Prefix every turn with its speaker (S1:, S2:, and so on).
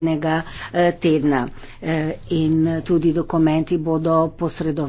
S1: naslednjega eh, tedna. Eh, in eh, tudi dokumenti bodo posredovali.